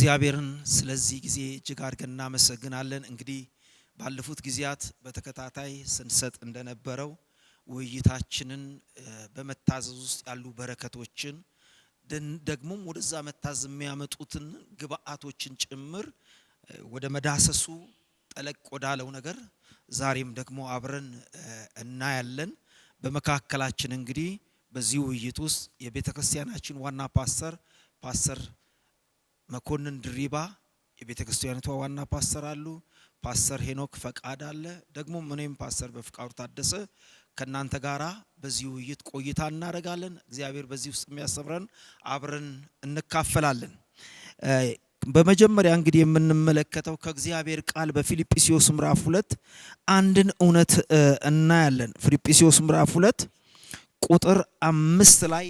እግዚአብሔርን ስለዚህ ጊዜ እጅግ አድርገን እናመሰግናለን። እንግዲህ ባለፉት ጊዜያት በተከታታይ ስንሰጥ እንደነበረው ውይይታችንን በመታዘዝ ውስጥ ያሉ በረከቶችን ደግሞም ወደዛ መታዘዝ የሚያመጡትን ግብአቶችን ጭምር ወደ መዳሰሱ ጠለቅ ወዳለው ነገር ዛሬም ደግሞ አብረን እናያለን። በመካከላችን እንግዲህ በዚህ ውይይት ውስጥ የቤተ ክርስቲያናችን ዋና ፓስተር ፓስተር መኮንን ድሪባ የቤተ ክርስቲያኒቷ ዋና ፓስተር አሉ። ፓስተር ሄኖክ ፈቃድ አለ። ደግሞ እኔም ፓስተር በፍቃዱ ታደሰ ከእናንተ ጋራ በዚህ ውይይት ቆይታ እናደርጋለን። እግዚአብሔር በዚህ ውስጥ የሚያስተምረን አብረን እንካፈላለን። በመጀመሪያ እንግዲህ የምንመለከተው ከእግዚአብሔር ቃል በፊልጵስዩስ ምዕራፍ ሁለት አንድን እውነት እናያለን። ፊልጵስዩስ ምዕራፍ ሁለት ቁጥር አምስት ላይ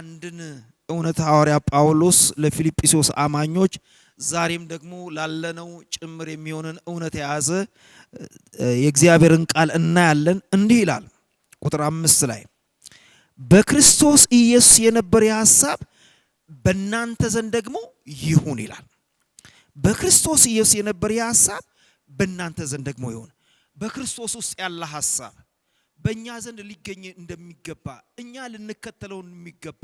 አንድን እውነት ሐዋርያ ጳውሎስ ለፊልጵስዩስ አማኞች ዛሬም ደግሞ ላለነው ጭምር የሚሆንን እውነት የያዘ የእግዚአብሔርን ቃል እናያለን። እንዲህ ይላል ቁጥር አምስት ላይ በክርስቶስ ኢየሱስ የነበረ ሐሳብ በእናንተ ዘንድ ደግሞ ይሁን ይላል። በክርስቶስ ኢየሱስ የነበረ ሐሳብ በእናንተ ዘንድ ደግሞ ይሁን። በክርስቶስ ውስጥ ያለ ሐሳብ በእኛ ዘንድ ሊገኝ እንደሚገባ እኛ ልንከተለው የሚገባ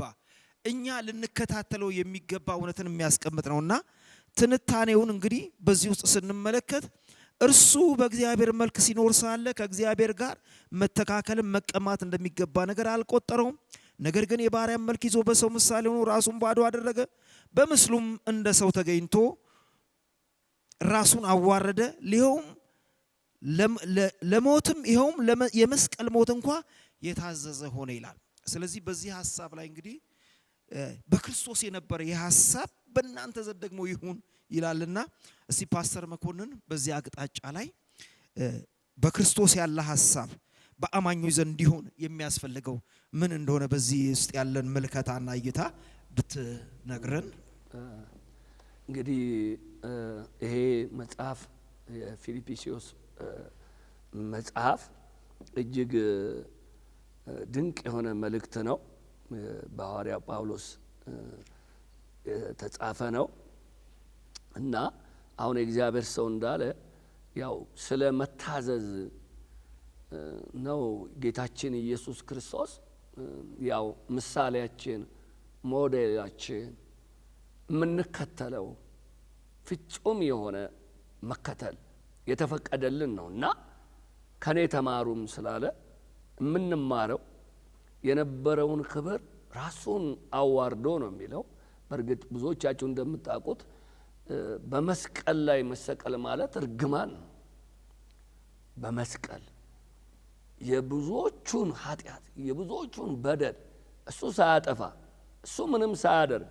እኛ ልንከታተለው የሚገባ እውነትን የሚያስቀምጥ ነውና ትንታኔውን እንግዲህ በዚህ ውስጥ ስንመለከት እርሱ በእግዚአብሔር መልክ ሲኖር ሳለ ከእግዚአብሔር ጋር መተካከልን መቀማት እንደሚገባ ነገር አልቆጠረውም። ነገር ግን የባሪያን መልክ ይዞ በሰው ምሳሌ ሆኖ ራሱን ባዶ አደረገ፣ በምስሉም እንደ ሰው ተገኝቶ ራሱን አዋረደ። ሊሆም ለሞትም ይኸውም የመስቀል ሞት እንኳ የታዘዘ ሆነ ይላል። ስለዚህ በዚህ ሀሳብ ላይ እንግዲህ በክርስቶስ የነበረ የሐሳብ በእናንተ ዘንድ ደግሞ ይሁን ይላልና፣ እስቲ ፓስተር መኮንን በዚህ አቅጣጫ ላይ በክርስቶስ ያለ ሐሳብ በአማኞች ዘንድ እንዲሆን የሚያስፈልገው ምን እንደሆነ በዚህ ውስጥ ያለን ምልከታና እይታ ብትነግረን። እንግዲህ ይሄ መጽሐፍ የፊልጵስዩስ መጽሐፍ እጅግ ድንቅ የሆነ መልእክት ነው። በሐዋርያ ጳውሎስ የተጻፈ ነው እና አሁን የእግዚአብሔር ሰው እንዳለ ያው ስለ መታዘዝ ነው። ጌታችን ኢየሱስ ክርስቶስ ያው ምሳሌያችን፣ ሞዴላችን፣ የምንከተለው ፍጹም የሆነ መከተል የተፈቀደልን ነው እና ከእኔ ተማሩም ስላለ የምንማረው የነበረውን ክብር ራሱን አዋርዶ ነው የሚለው። በእርግጥ ብዙዎቻችሁ እንደምታውቁት በመስቀል ላይ መሰቀል ማለት እርግማን ነው። በመስቀል የብዙዎቹን ኃጢአት የብዙዎቹን በደል እሱ ሳያጠፋ እሱ ምንም ሳያደርግ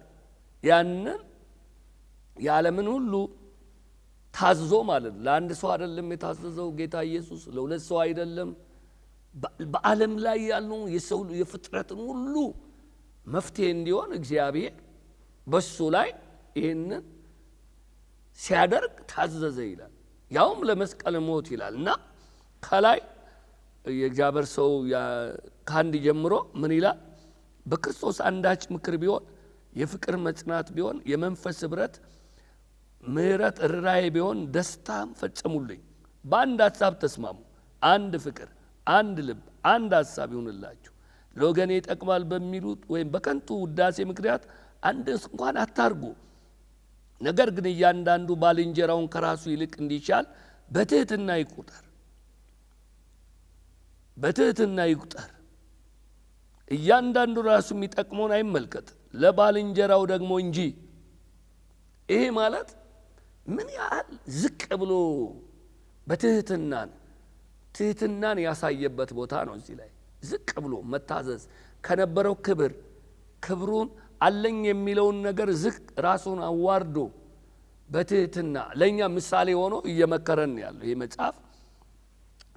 ያንን የዓለምን ሁሉ ታዝዞ ማለት ለአንድ ሰው አይደለም የታዘዘው ጌታ ኢየሱስ፣ ለሁለት ሰው አይደለም በዓለም ላይ ያለውን የሰው የፍጥረትን ሁሉ መፍትሄ እንዲሆን እግዚአብሔር በሱ ላይ ይህንን ሲያደርግ ታዘዘ ይላል። ያውም ለመስቀል ሞት ይላል እና ከላይ የእግዚአብሔር ሰው ከአንድ ጀምሮ ምን ይላል? በክርስቶስ አንዳች ምክር ቢሆን የፍቅር መጽናት ቢሆን የመንፈስ ኅብረት፣ ምሕረት፣ ርኅራኄ ቢሆን ደስታም ፈጸሙልኝ። በአንድ ሀሳብ ተስማሙ፣ አንድ ፍቅር አንድ ልብ፣ አንድ ሀሳብ ይሁንላችሁ። ለወገኔ ይጠቅማል በሚሉት ወይም በከንቱ ውዳሴ ምክንያት አንድ እንኳን አታርጉ። ነገር ግን እያንዳንዱ ባልንጀራውን ከራሱ ይልቅ እንዲሻል በትህትና ይቁጠር፣ በትህትና ይቁጠር። እያንዳንዱ ራሱ የሚጠቅመውን አይመልከት፣ ለባልንጀራው ደግሞ እንጂ። ይሄ ማለት ምን ያህል ዝቅ ብሎ በትህትና ነው። ትህትናን ያሳየበት ቦታ ነው። እዚህ ላይ ዝቅ ብሎ መታዘዝ ከነበረው ክብር ክብሩን አለኝ የሚለውን ነገር ዝቅ ራሱን አዋርዶ በትህትና ለእኛ ምሳሌ ሆኖ እየመከረን ያለው ይህ መጽሐፍ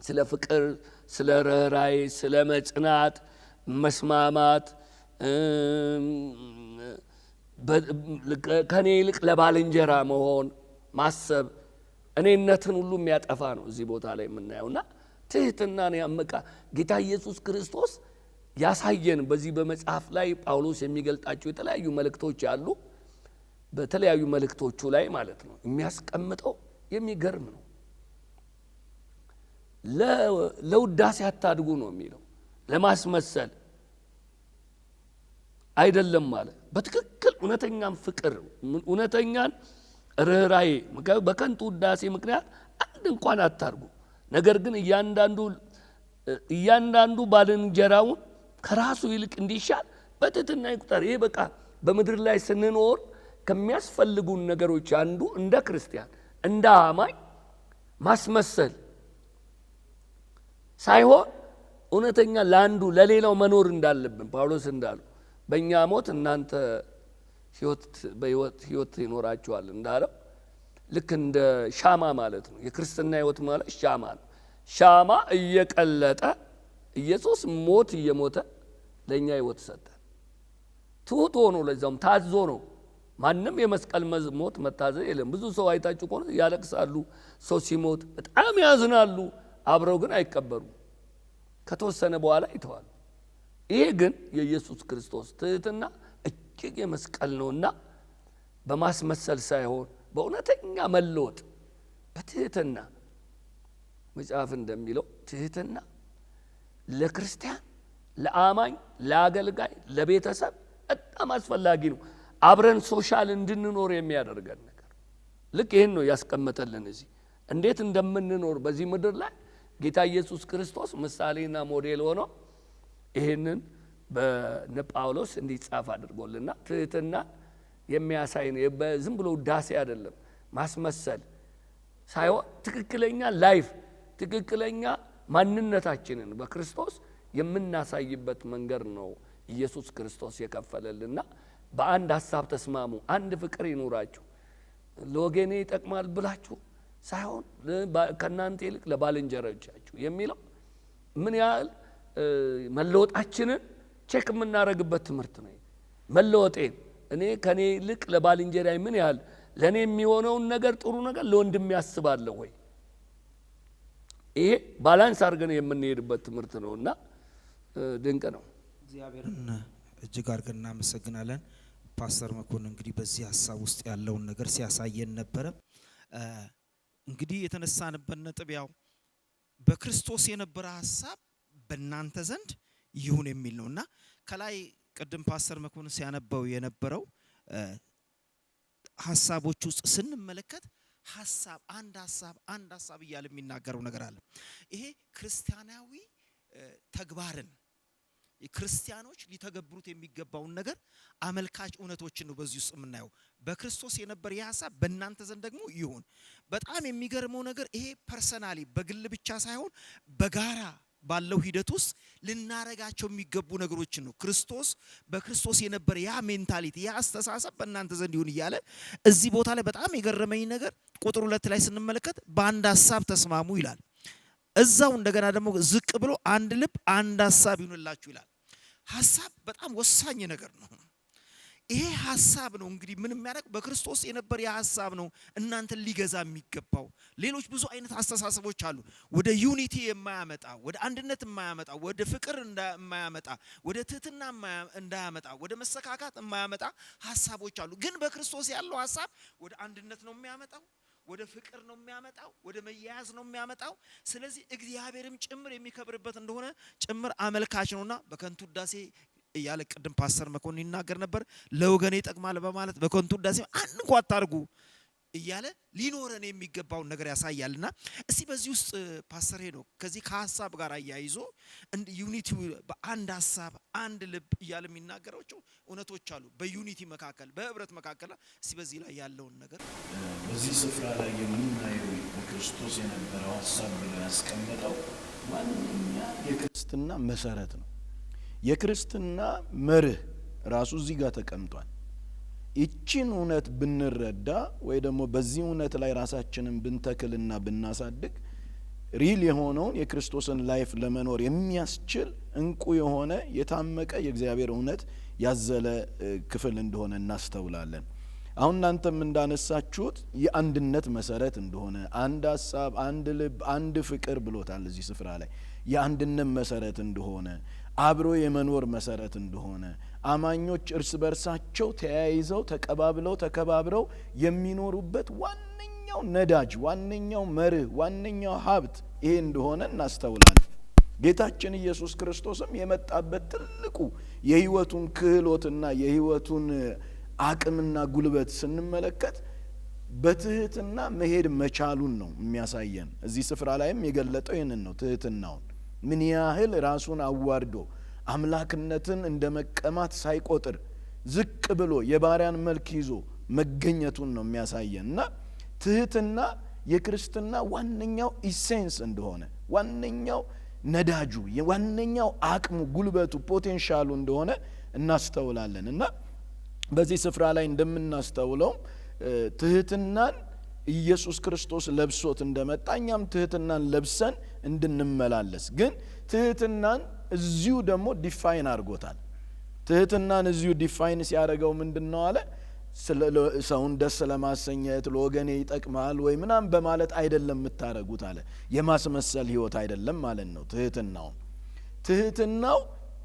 ስለ ፍቅር፣ ስለ ርኅራይ፣ ስለ መጽናት፣ መስማማት ከእኔ ይልቅ ለባልንጀራ መሆን ማሰብ እኔነትን ሁሉ የሚያጠፋ ነው እዚህ ቦታ ላይ የምናየውና ትህትናን ያመቃ ጌታ ኢየሱስ ክርስቶስ ያሳየን በዚህ በመጽሐፍ ላይ ጳውሎስ የሚገልጣቸው የተለያዩ መልእክቶች አሉ። በተለያዩ መልእክቶቹ ላይ ማለት ነው የሚያስቀምጠው የሚገርም ነው። ለውዳሴ አታድጉ ነው የሚለው። ለማስመሰል አይደለም ማለት በትክክል እውነተኛን ፍቅር እውነተኛን ርኅራዬ፣ በከንቱ ውዳሴ ምክንያት አንድ እንኳን አታድጉ። ነገር ግን እያንዳንዱ እያንዳንዱ ባልንጀራውን ከራሱ ይልቅ እንዲሻል በትትና ይቁጠር። ይህ በቃ በምድር ላይ ስንኖር ከሚያስፈልጉን ነገሮች አንዱ እንደ ክርስቲያን እንደ አማኝ ማስመሰል ሳይሆን እውነተኛ ለአንዱ ለሌላው መኖር እንዳለብን ጳውሎስ እንዳሉ በእኛ ሞት እናንተ ህይወት በህይወት እንዳለው ልክ እንደ ሻማ ማለት ነው። የክርስትና ህይወት ማለት ሻማ ነው። ሻማ እየቀለጠ ኢየሱስ ሞት እየሞተ ለእኛ ህይወት ሰጠ። ትሁት ሆኖ ለዛውም ታዞ ነው። ማንም የመስቀል ሞት መታዘዝ የለም። ብዙ ሰው አይታችሁ ከሆነ ያለቅሳሉ፣ ሰው ሲሞት በጣም ያዝናሉ። አብረው ግን አይቀበሩም። ከተወሰነ በኋላ ይተዋሉ። ይሄ ግን የኢየሱስ ክርስቶስ ትህትና እጅግ የመስቀል ነውና በማስመሰል ሳይሆን በእውነተኛ መለወጥ በትህትና መጽሐፍ እንደሚለው ትህትና ለክርስቲያን ለአማኝ ለአገልጋይ ለቤተሰብ በጣም አስፈላጊ ነው። አብረን ሶሻል እንድንኖር የሚያደርገን ነገር ልክ ይህን ነው ያስቀመጠልን እዚህ እንዴት እንደምንኖር በዚህ ምድር ላይ ጌታ ኢየሱስ ክርስቶስ ምሳሌና ሞዴል ሆኖ ይህንን በነ ጳውሎስ እንዲጻፍ አድርጎልና ትህትና የሚያሳይ ነው። ዝም ብሎ ውዳሴ አይደለም፣ ማስመሰል ሳይሆን ትክክለኛ ላይፍ ትክክለኛ ማንነታችንን በክርስቶስ የምናሳይበት መንገድ ነው ኢየሱስ ክርስቶስ የከፈለልና በአንድ ሀሳብ ተስማሙ፣ አንድ ፍቅር ይኑራችሁ። ለወገኔ ይጠቅማል ብላችሁ ሳይሆን ከእናንተ ይልቅ ለባልንጀሮቻችሁ የሚለው ምን ያህል መለወጣችንን ቼክ የምናደርግበት ትምህርት ነው መለወጤን እኔ ከኔ ይልቅ ለባልንጀራዬ ምን ያህል ለእኔ የሚሆነውን ነገር ጥሩ ነገር ለወንድም ያስባለሁ ወይ? ይሄ ባላንስ አድርገን የምንሄድበት ትምህርት ነው እና ድንቅ ነው። እግዚአብሔርን እጅግ አድርገን እናመሰግናለን። ፓስተር መኮንን እንግዲህ በዚህ ሀሳብ ውስጥ ያለውን ነገር ሲያሳየን ነበረ። እንግዲህ የተነሳንበት ነጥብ ያው በክርስቶስ የነበረ ሀሳብ በእናንተ ዘንድ ይሁን የሚል ነው እና ከላይ ቅድም ፓስተር መኮንን ሲያነባው የነበረው ሀሳቦች ውስጥ ስንመለከት ሀሳብ አንድ ሀሳብ አንድ ሀሳብ እያለ የሚናገረው ነገር አለ። ይሄ ክርስቲያናዊ ተግባርን ክርስቲያኖች ሊተገብሩት የሚገባውን ነገር አመልካች እውነቶችን ነው በዚህ ውስጥ የምናየው። በክርስቶስ የነበረ ይህ ሀሳብ በእናንተ ዘንድ ደግሞ ይሁን። በጣም የሚገርመው ነገር ይሄ ፐርሰናሊ በግል ብቻ ሳይሆን በጋራ ባለው ሂደት ውስጥ ልናረጋቸው የሚገቡ ነገሮችን ነው። ክርስቶስ በክርስቶስ የነበረ ያ ሜንታሊቲ ያ አስተሳሰብ በእናንተ ዘንድ ይሁን እያለ እዚህ ቦታ ላይ በጣም የገረመኝ ነገር ቁጥር ሁለት ላይ ስንመለከት በአንድ ሀሳብ ተስማሙ ይላል። እዛው እንደገና ደግሞ ዝቅ ብሎ አንድ ልብ አንድ ሀሳብ ይሁንላችሁ ይላል። ሀሳብ በጣም ወሳኝ ነገር ነው። ይሄ ሀሳብ ነው እንግዲህ ምን የሚያደርግ በክርስቶስ የነበር የሀሳብ ነው እናንተን ሊገዛ የሚገባው። ሌሎች ብዙ አይነት አስተሳሰቦች አሉ። ወደ ዩኒቲ የማያመጣ ወደ አንድነት የማያመጣ ወደ ፍቅር የማያመጣ ወደ ትህትና እንዳያመጣ ወደ መሰካካት የማያመጣ ሀሳቦች አሉ። ግን በክርስቶስ ያለው ሀሳብ ወደ አንድነት ነው የሚያመጣው ወደ ፍቅር ነው የሚያመጣው፣ ወደ መያያዝ ነው የሚያመጣው። ስለዚህ እግዚአብሔርም ጭምር የሚከብርበት እንደሆነ ጭምር አመልካች ነውና በከንቱ ውዳሴ እያለ ቅድም ፓስተር መኮንን ይናገር ነበር። ለወገኔ ይጠቅማል በማለት በከንቱ ውዳሴ አንድ አታርጉ እያለ ሊኖረን የሚገባውን ነገር ያሳያልና እስቲ በዚህ ውስጥ ፓስተር ሄዶ ከዚህ ከሀሳብ ጋር አያይዞ ዩኒቲ በአንድ ሀሳብ አንድ ልብ እያለ የሚናገራቸው እውነቶች አሉ። በዩኒቲ መካከል በህብረት መካከል እስቲ በዚህ ላይ ያለውን ነገር በዚህ ስፍራ ላይ የምናየው በክርስቶስ የነበረው ሀሳብ ብሎ ያስቀመጠው ዋነኛ የክርስትና መሰረት ነው። የክርስትና መርህ ራሱ እዚህ ጋር ተቀምጧል። ይችን እውነት ብንረዳ ወይ ደግሞ በዚህ እውነት ላይ ራሳችንን ብንተክልና ብናሳድግ ሪል የሆነውን የክርስቶስን ላይፍ ለመኖር የሚያስችል እንቁ የሆነ የታመቀ የእግዚአብሔር እውነት ያዘለ ክፍል እንደሆነ እናስተውላለን። አሁን እናንተም እንዳነሳችሁት የአንድነት መሰረት እንደሆነ አንድ ሀሳብ፣ አንድ ልብ፣ አንድ ፍቅር ብሎታል እዚህ ስፍራ ላይ የአንድነት መሰረት እንደሆነ አብሮ የመኖር መሰረት እንደሆነ አማኞች እርስ በርሳቸው ተያይዘው ተቀባብለው ተከባብረው የሚኖሩበት ዋነኛው ነዳጅ፣ ዋነኛው መርህ፣ ዋነኛው ሀብት ይሄ እንደሆነ እናስተውላለን። ጌታችን ኢየሱስ ክርስቶስም የመጣበት ትልቁ የህይወቱን ክህሎትና የህይወቱን አቅምና ጉልበት ስንመለከት በትህትና መሄድ መቻሉን ነው የሚያሳየን። እዚህ ስፍራ ላይም የገለጠው ይህንን ነው ትህትናውን ምን ያህል ራሱን አዋርዶ አምላክነትን እንደ መቀማት ሳይቆጥር ዝቅ ብሎ የባሪያን መልክ ይዞ መገኘቱን ነው የሚያሳየን እና ትህትና የክርስትና ዋነኛው ኢሴንስ እንደሆነ ዋነኛው ነዳጁ ዋነኛው አቅሙ ጉልበቱ ፖቴንሻሉ እንደሆነ እናስተውላለን እና በዚህ ስፍራ ላይ እንደምናስተውለውም ትህትናን ኢየሱስ ክርስቶስ ለብሶት እንደመጣ እኛም ትህትናን ለብሰን እንድንመላለስ ግን ትህትናን እዚሁ ደግሞ ዲፋይን አድርጎታል። ትህትናን እዚሁ ዲፋይን ሲያደርገው ምንድን ነው አለ? ሰውን ደስ ለማሰኘት ለወገኔ ይጠቅማል ወይ ምናም በማለት አይደለም የምታደረጉት አለ። የማስመሰል ህይወት አይደለም ማለት ነው። ትህትናው ትህትናው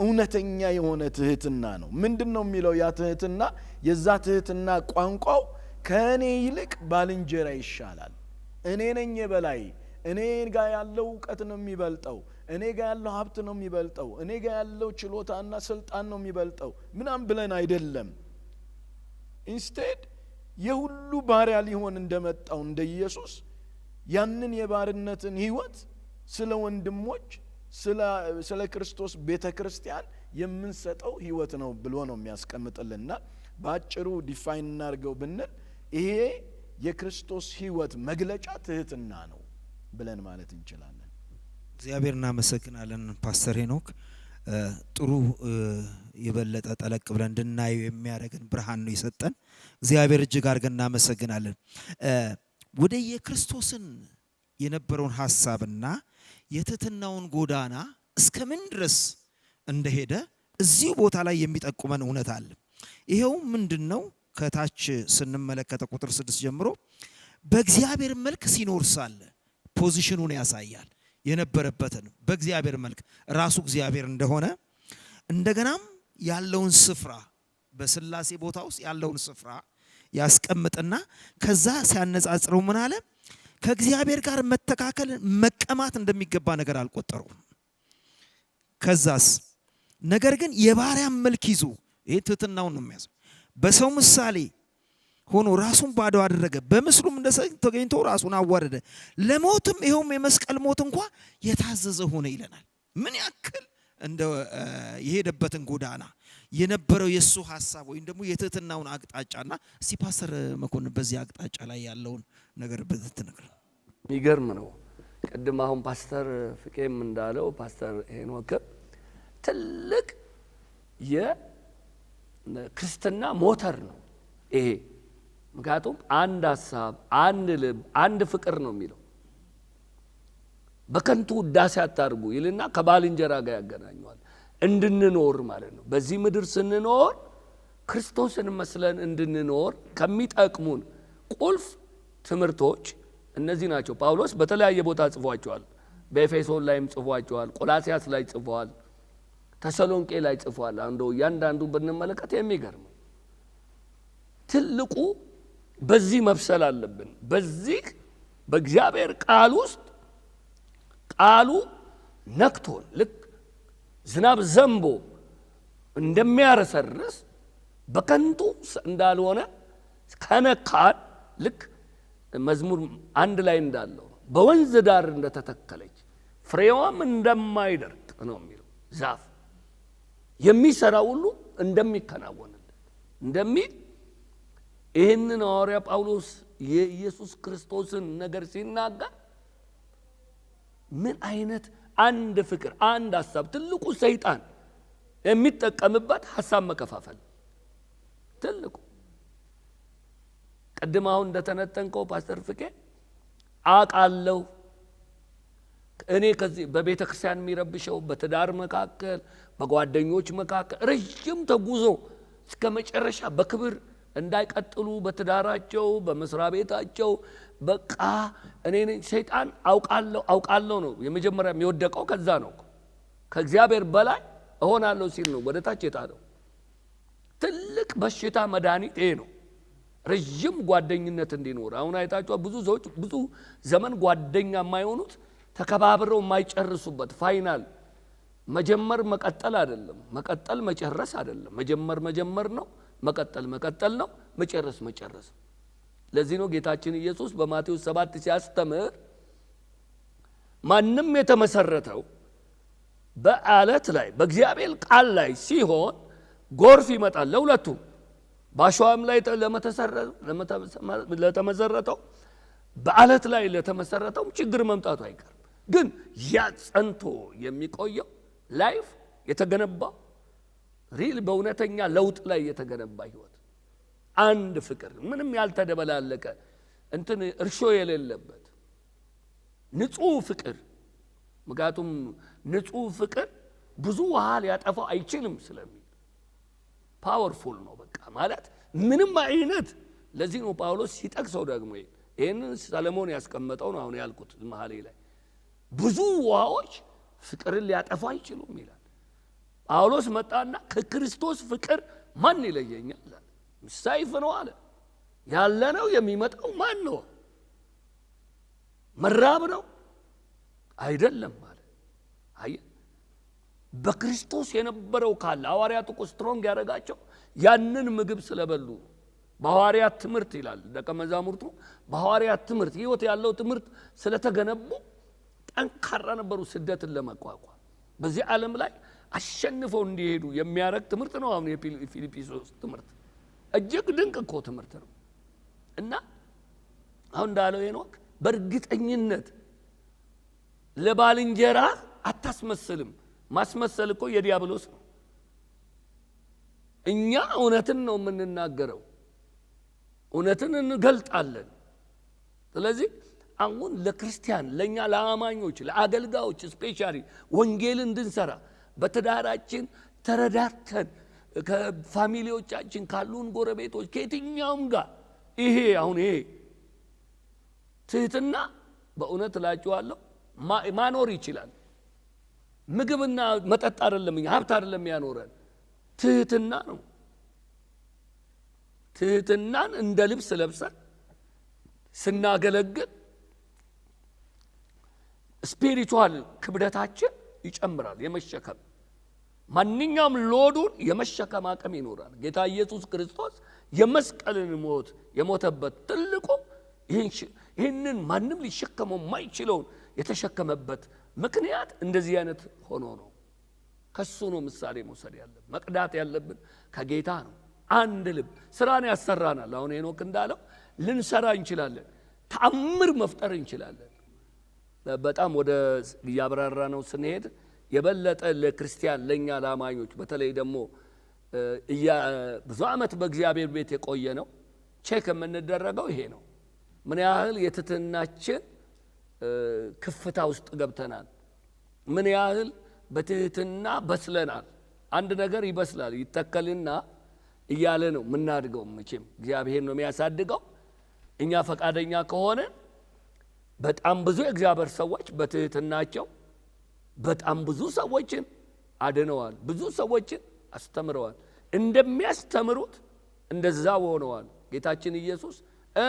እውነተኛ የሆነ ትህትና ነው። ምንድን ነው የሚለው ያ ትህትና የዛ ትህትና ቋንቋው ከእኔ ይልቅ ባልንጀራ ይሻላል። እኔ ነኝ የበላይ። እኔ ጋ ያለው እውቀት ነው የሚበልጠው። እኔ ጋ ያለው ሀብት ነው የሚበልጠው። እኔ ጋ ያለው ችሎታና ስልጣን ነው የሚበልጠው ምናም ብለን አይደለም። ኢንስቴድ የሁሉ ባሪያ ሊሆን እንደመጣው እንደ ኢየሱስ ያንን የባርነትን ህይወት ስለ ወንድሞች ስለ ክርስቶስ ቤተ ክርስቲያን የምንሰጠው ህይወት ነው ብሎ ነው የሚያስቀምጥልና በአጭሩ ዲፋይን እናርገው ብንል ይሄ የክርስቶስ ህይወት መግለጫ ትህትና ነው ብለን ማለት እንችላለን። እግዚአብሔር እናመሰግናለን። ፓስተር ሄኖክ ጥሩ የበለጠ ጠለቅ ብለን እንድናየ የሚያደርግን ብርሃን ነው የሰጠን። እግዚአብሔር እጅግ አድርገን እናመሰግናለን። ወደ የክርስቶስን የነበረውን ሀሳብና የትህትናውን ጎዳና እስከ ምን ድረስ እንደሄደ እዚሁ ቦታ ላይ የሚጠቁመን እውነት አለ። ይኸው ምንድን ነው? ከታች ስንመለከተ ቁጥር ስድስት ጀምሮ በእግዚአብሔር መልክ ሲኖር ሳለ ፖዚሽኑን ያሳያል የነበረበትን በእግዚአብሔር መልክ ራሱ እግዚአብሔር እንደሆነ እንደገናም ያለውን ስፍራ በስላሴ ቦታ ውስጥ ያለውን ስፍራ ያስቀምጥና ከዛ ሲያነጻጽረው ምን አለ? ከእግዚአብሔር ጋር መተካከል መቀማት እንደሚገባ ነገር አልቆጠሩም። ከዛስ ነገር ግን የባሪያም መልክ ይዞ ይህ ትህትናውን ነው የሚያዘ በሰው ምሳሌ ሆኖ ራሱን ባዶ አደረገ፣ በምስሉም እንደ ሰው ተገኝቶ ራሱን አዋረደ፣ ለሞትም ይኸውም የመስቀል ሞት እንኳ የታዘዘ ሆነ ይለናል። ምን ያክል እንደ የሄደበትን ጎዳና የነበረው የእሱ ሀሳብ ወይም ደግሞ የትህትናውን አቅጣጫና እስቲ ፓስተር መኮንን በዚህ አቅጣጫ ላይ ያለውን ነገር ብትነግር የሚገርም ነው። ቅድም አሁን ፓስተር ፍቄም እንዳለው ፓስተር ሄኖክ ትልቅ ክርስትና ሞተር ነው ይሄ። ምክንያቱም አንድ ሀሳብ፣ አንድ ልብ፣ አንድ ፍቅር ነው የሚለው። በከንቱ ውዳሴ አታርጉ ይልና ከባልንጀራ ጋር ያገናኘዋል። እንድንኖር ማለት ነው። በዚህ ምድር ስንኖር ክርስቶስን መስለን እንድንኖር ከሚጠቅሙን ቁልፍ ትምህርቶች እነዚህ ናቸው። ጳውሎስ በተለያየ ቦታ ጽፏቸዋል። በኤፌሶን ላይም ጽፏቸዋል። ቆላሲያስ ላይ ጽፏል። ተሰሎንቄ ላይ ጽፏል። አንዶ እያንዳንዱ ብንመለከት የሚገርም ትልቁ በዚህ መብሰል አለብን። በዚህ በእግዚአብሔር ቃል ውስጥ ቃሉ ነክቶን ልክ ዝናብ ዘንቦ እንደሚያረሰርስ በከንቱ እንዳልሆነ ከነካን ልክ መዝሙር አንድ ላይ እንዳለው በወንዝ ዳር እንደተተከለች ፍሬዋም እንደማይደርቅ ነው የሚለው ዛፍ የሚሰራ ሁሉ እንደሚከናወንለት እንደሚል ይህንን ሐዋርያ ጳውሎስ የኢየሱስ ክርስቶስን ነገር ሲናገር ምን አይነት አንድ ፍቅር፣ አንድ ሀሳብ፣ ትልቁ ሰይጣን የሚጠቀምበት ሀሳብ መከፋፈል ትልቁ ቅድም አሁን እንደተነጠንከው ፓስተር ፍቄ አቃለሁ እኔ ከዚህ በቤተ ክርስቲያን የሚረብሸው በትዳር መካከል በጓደኞች መካከል ረዥም ተጉዞ እስከ መጨረሻ በክብር እንዳይቀጥሉ በትዳራቸው በመስሪያ ቤታቸው በቃ እኔ ሰይጣን አውቃለሁ አውቃለሁ ነው የመጀመሪያ የሚወደቀው። ከዛ ነው ከእግዚአብሔር በላይ እሆናለሁ ሲል ነው ወደ ታች የጣለው። ትልቅ በሽታ መድኃኒት ይሄ ነው። ረዥም ጓደኝነት እንዲኖር አሁን አይታቸ ብዙ ሰዎች ብዙ ዘመን ጓደኛ የማይሆኑት ተከባብረው የማይጨርሱበት ፋይናል መጀመር መቀጠል አይደለም። መቀጠል መጨረስ አይደለም። መጀመር መጀመር ነው። መቀጠል መቀጠል ነው። መጨረስ መጨረስ። ለዚህ ነው ጌታችን ኢየሱስ በማቴዎስ ሰባት ሲያስተምር ማንም የተመሰረተው በአለት ላይ በእግዚአብሔር ቃል ላይ ሲሆን ጎርፍ ይመጣል ለሁለቱም በአሸዋም ላይ ለተመሰረተው በአለት ላይ ለተመሰረተው ችግር መምጣቱ አይቀርም። ግን ያ ጸንቶ የሚቆየው ላይፍ የተገነባው ሪል በእውነተኛ ለውጥ ላይ የተገነባ ህይወት፣ አንድ ፍቅር፣ ምንም ያልተደበላለቀ እንትን እርሾ የሌለበት ንጹህ ፍቅር። ምክንያቱም ንጹህ ፍቅር ብዙ ውሃ ሊያጠፋው አይችልም ስለሚል ፓወርፉል ነው። በቃ ማለት ምንም አይነት ለዚህ ነው ጳውሎስ ሲጠቅሰው ደግሞ ይህንን ሰለሞን ያስቀመጠው ነው አሁን ያልኩት መሀሌ ላይ ብዙ ውሃዎች ፍቅርን ሊያጠፉ አይችሉም ይላል ጳውሎስ መጣና ከክርስቶስ ፍቅር ማን ይለየኛል አለ ነው አለ ነው የሚመጣው ማን ነው መራብ ነው አይደለም አለ አየ በክርስቶስ የነበረው ካለ ሐዋርያቱ እኮ ስትሮንግ ያደረጋቸው ያንን ምግብ ስለበሉ በሐዋርያት ትምህርት ይላል ደቀ መዛሙርቱ በሐዋርያት ትምህርት ህይወት ያለው ትምህርት ስለተገነቡ ጠንካራ ነበሩ ስደትን ለመቋቋም በዚህ ዓለም ላይ አሸንፈው እንዲሄዱ የሚያደረግ ትምህርት ነው። አሁን የፊልጵስዩስ ትምህርት እጅግ ድንቅ እኮ ትምህርት ነው እና አሁን እንዳለው ሄኖክ በእርግጠኝነት ለባልንጀራ አታስመስልም። ማስመሰል እኮ የዲያብሎስ ነው። እኛ እውነትን ነው የምንናገረው፣ እውነትን እንገልጣለን። ስለዚህ አሁን ለክርስቲያን ለእኛ ለአማኞች ለአገልጋዮች ስፔሻሊ ወንጌል እንድንሰራ በትዳራችን ተረዳርተን ከፋሚሊዎቻችን ካሉን ጎረቤቶች ከየትኛውም ጋር ይሄ አሁን ይሄ ትህትና በእውነት እላችኋለሁ ማኖር ይችላል። ምግብና መጠጥ አደለም ሀብት አደለም ያኖረን፣ ትህትና ነው። ትህትናን እንደ ልብስ ለብሰን ስናገለግል ስፒሪቹዋል ክብደታችን ይጨምራል። የመሸከም ማንኛውም ሎዱን የመሸከም አቅም ይኖራል። ጌታ ኢየሱስ ክርስቶስ የመስቀልን ሞት የሞተበት ትልቁ ይህንን ማንም ሊሸከመው የማይችለውን የተሸከመበት ምክንያት እንደዚህ አይነት ሆኖ ነው። ከሱ ነው ምሳሌ መውሰድ ያለብን። መቅዳት ያለብን ከጌታ ነው። አንድ ልብ ስራን ያሰራናል። አሁን ሄኖክ እንዳለው ልንሰራ እንችላለን። ተአምር መፍጠር እንችላለን። በጣም ወደ እያብራራ ነው ስንሄድ የበለጠ ለክርስቲያን ለእኛ ለአማኞች በተለይ ደግሞ ብዙ ዓመት በእግዚአብሔር ቤት የቆየ ነው ቼክ የምንደረገው ይሄ ነው። ምን ያህል የትትናችን ክፍታ ውስጥ ገብተናል? ምን ያህል በትህትና በስለናል? አንድ ነገር ይበስላል ይተከልና እያለ ነው የምናድገው። መቼም እግዚአብሔር ነው የሚያሳድገው እኛ ፈቃደኛ ከሆነን በጣም ብዙ የእግዚአብሔር ሰዎች በትህትናቸው በጣም ብዙ ሰዎችን አድነዋል። ብዙ ሰዎችን አስተምረዋል። እንደሚያስተምሩት እንደዛ ሆነዋል። ጌታችን ኢየሱስ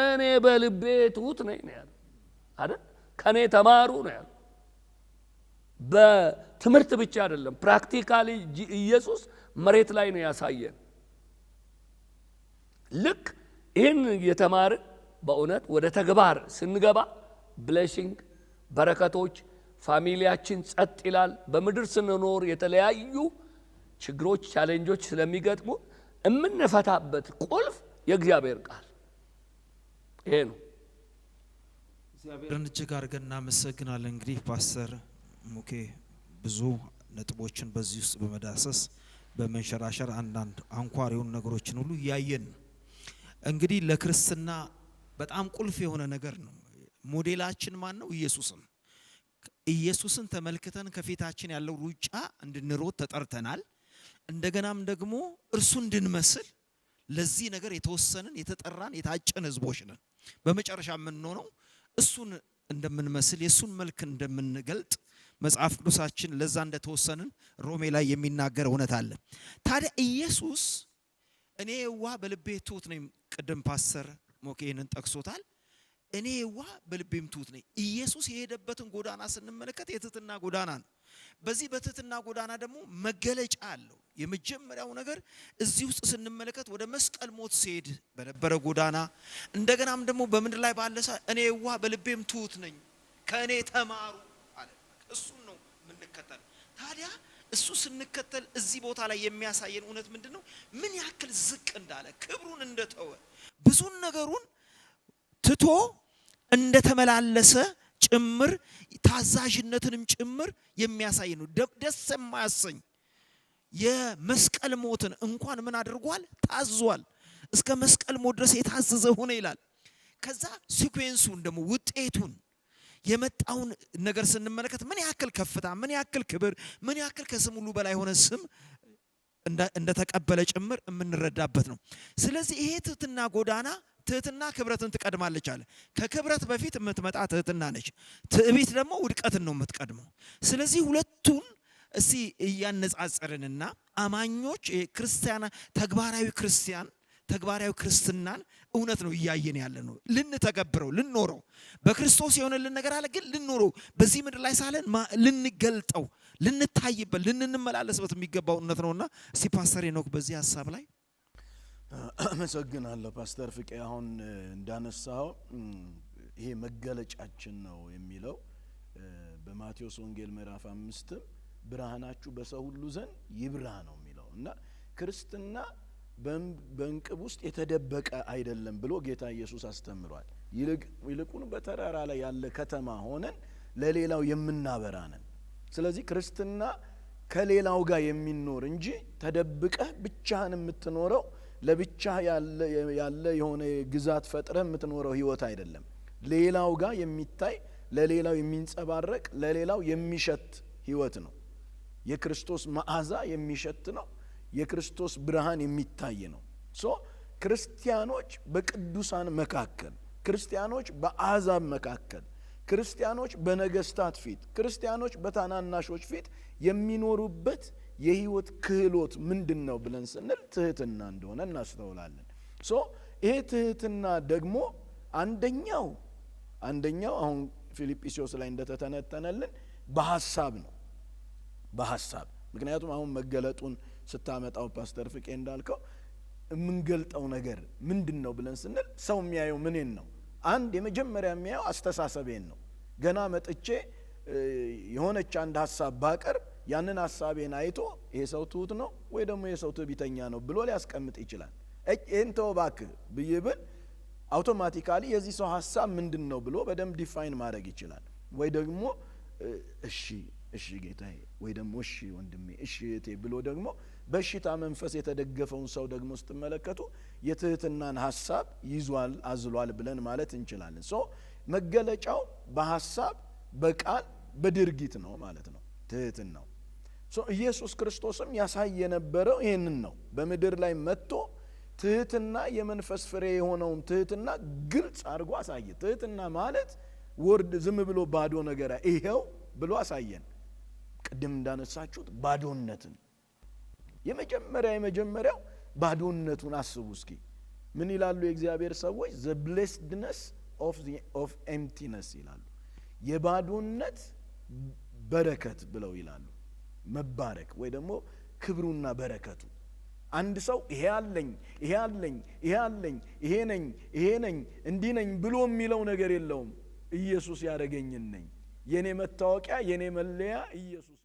እኔ በልቤ ትሁት ነኝ ነው ያለ አይደል? ከእኔ ተማሩ ነው ያለ በትምህርት ብቻ አይደለም፣ ፕራክቲካሊ ኢየሱስ መሬት ላይ ነው ያሳየን። ልክ ይህን የተማርን በእውነት ወደ ተግባር ስንገባ ብሌሲንግ በረከቶች፣ ፋሚሊያችን ጸጥ ይላል። በምድር ስንኖር የተለያዩ ችግሮች፣ ቻሌንጆች ስለሚገጥሙ የምንፈታበት ቁልፍ የእግዚአብሔር ቃል ይሄ ነው። እግዚአብሔርን እጅግ አድርገን እናመሰግናለን። እንግዲህ ፓስተር ሙኬ ብዙ ነጥቦችን በዚህ ውስጥ በመዳሰስ በመንሸራሸር አንዳንድ አንኳር የሆኑ ነገሮችን ሁሉ እያየን እንግዲህ ለክርስትና በጣም ቁልፍ የሆነ ነገር ነው። ሞዴላችን ማን ነው? ኢየሱስን ኢየሱስን ተመልክተን ከፊታችን ያለው ሩጫ እንድንሮጥ ተጠርተናል። እንደገናም ደግሞ እርሱ እንድንመስል ለዚህ ነገር የተወሰንን የተጠራን የታጨን ህዝቦች ነን። በመጨረሻ የምንሆነው እሱን እንደምንመስል የእሱን መልክ እንደምንገልጥ መጽሐፍ ቅዱሳችን ለዛ እንደተወሰንን ሮሜ ላይ የሚናገር እውነት አለ። ታዲያ ኢየሱስ እኔ የዋህ በልቤ ትሑት ነኝ፣ ቅድም ፓስተር ሞኬንን ጠቅሶታል። እኔ የዋ በልቤም ትሁት ነኝ። ኢየሱስ የሄደበትን ጎዳና ስንመለከት የትህትና ጎዳና ነው። በዚህ በትህትና ጎዳና ደግሞ መገለጫ አለው። የመጀመሪያው ነገር እዚህ ውስጥ ስንመለከት ወደ መስቀል ሞት ሲሄድ በነበረ ጎዳና እንደገናም ደግሞ በምድር ላይ ባለ እኔ የዋ በልቤም ትሁት ነኝ፣ ከእኔ ተማሩ አለ። እሱን ነው የምንከተል። ታዲያ እሱ ስንከተል እዚህ ቦታ ላይ የሚያሳየን እውነት ምንድን ነው? ምን ያክል ዝቅ እንዳለ ክብሩን እንደተወ ብዙን ነገሩን ትቶ እንደተመላለሰ ጭምር ታዛዥነትንም ጭምር የሚያሳይ ነው። ደስ የማያሰኝ የመስቀል ሞትን እንኳን ምን አድርጓል? ታዟል። እስከ መስቀል ሞት ድረስ የታዘዘ ሆነ ይላል። ከዛ ሲኩዌንሱን ደግሞ ውጤቱን የመጣውን ነገር ስንመለከት ምን ያክል ከፍታ፣ ምን ያክል ክብር፣ ምን ያክል ከስም ሁሉ በላይ የሆነ ስም እንደተቀበለ ጭምር የምንረዳበት ነው። ስለዚህ ይሄ ትህትና ጎዳና ትህትና ክብረትን ትቀድማለች አለ። ከክብረት በፊት የምትመጣ ትህትና ነች። ትዕቢት ደግሞ ውድቀትን ነው የምትቀድመው። ስለዚህ ሁለቱን እስቲ እያነጻጸርንና አማኞች ክርስቲያን ተግባራዊ ክርስቲያን ተግባራዊ ክርስትናን እውነት ነው እያየን ያለ ነው። ልንተገብረው ልንኖረው በክርስቶስ የሆነልን ነገር አለ፣ ግን ልንኖረው በዚህ ምድር ላይ ሳለን ልንገልጠው፣ ልንታይበት፣ ልንመላለስበት የሚገባው እውነት ነውና እስቲ ፓስተር ኖክ በዚህ ሀሳብ ላይ አመሰግናለሁ ፓስተር ፍቄ። አሁን እንዳነሳው ይሄ መገለጫችን ነው የሚለው በማቴዎስ ወንጌል ምዕራፍ አምስትም ብርሃናችሁ በሰው ሁሉ ዘንድ ይብራ ነው የሚለው እና ክርስትና በእንቅብ ውስጥ የተደበቀ አይደለም ብሎ ጌታ ኢየሱስ አስተምሯል። ይልቁን በተራራ ላይ ያለ ከተማ ሆነን ለሌላው የምናበራ ነን። ስለዚህ ክርስትና ከሌላው ጋር የሚኖር እንጂ ተደብቀህ ብቻህን የምትኖረው ለብቻ ያለ የሆነ ግዛት ፈጥረ የምትኖረው ህይወት አይደለም። ሌላው ጋር የሚታይ ለሌላው የሚንጸባረቅ ለሌላው የሚሸት ህይወት ነው። የክርስቶስ መዓዛ የሚሸት ነው። የክርስቶስ ብርሃን የሚታይ ነው። ሶ ክርስቲያኖች በቅዱሳን መካከል፣ ክርስቲያኖች በአሕዛብ መካከል፣ ክርስቲያኖች በነገስታት ፊት፣ ክርስቲያኖች በታናናሾች ፊት የሚኖሩበት የህይወት ክህሎት ምንድን ነው ብለን ስንል ትህትና እንደሆነ እናስተውላለን። ሶ ይሄ ትህትና ደግሞ አንደኛው አንደኛው አሁን ፊልጵስዎስ ላይ እንደተተነተነልን በሀሳብ ነው በሀሳብ ምክንያቱም አሁን መገለጡን ስታመጣው ፓስተር ፍቄ እንዳልከው የምንገልጠው ነገር ምንድን ነው ብለን ስንል ሰው የሚያየው ምንን ነው? አንድ የመጀመሪያ የሚያየው አስተሳሰቤን ነው። ገና መጥቼ የሆነች አንድ ሀሳብ ባቀርብ ያንን ሀሳቤን አይቶ ይሄ ሰው ትሁት ነው ወይ ደግሞ ይሄ ሰው ትቢተኛ ነው ብሎ ሊያስቀምጥ ይችላል። ይህን ተው እባክህ ብዬ ብል አውቶማቲካሊ የዚህ ሰው ሀሳብ ምንድን ነው ብሎ በደንብ ዲፋይን ማድረግ ይችላል። ወይ ደግሞ እሺ እሺ ጌታዬ፣ ወይ ደግሞ እሺ ወንድሜ፣ እሺ እህቴ ብሎ ደግሞ በሽታ መንፈስ የተደገፈውን ሰው ደግሞ ስትመለከቱ የትህትናን ሀሳብ ይዟል አዝሏል ብለን ማለት እንችላለን። ሶ መገለጫው በሀሳብ በቃል በድርጊት ነው ማለት ነው ነው። ኢየሱስ ክርስቶስም ያሳየ የነበረው ይህንን ነው። በምድር ላይ መጥቶ ትህትና የመንፈስ ፍሬ የሆነውን ትህትና ግልጽ አድርጎ አሳየ። ትህትና ማለት ወርድ ዝም ብሎ ባዶ ነገር ይሄው ብሎ አሳየን። ቅድም እንዳነሳችሁት ባዶነትን የመጀመሪያ የመጀመሪያው ባዶነቱን አስቡ እስኪ። ምን ይላሉ የእግዚአብሔር ሰዎች? ዘ ብሌስድነስ ኦፍ ኤምቲነስ ይላሉ። የባዶነት በረከት ብለው ይላሉ። መባረክ ወይ ደግሞ ክብሩና በረከቱ አንድ ሰው ይሄ አለኝ ይሄ አለኝ ይሄ አለኝ ይሄ ነኝ ይሄ ነኝ እንዲህ ነኝ ብሎ የሚለው ነገር የለውም። ኢየሱስ ያደረገኝን ነኝ የኔ መታወቂያ የኔ መለያ ኢየሱስ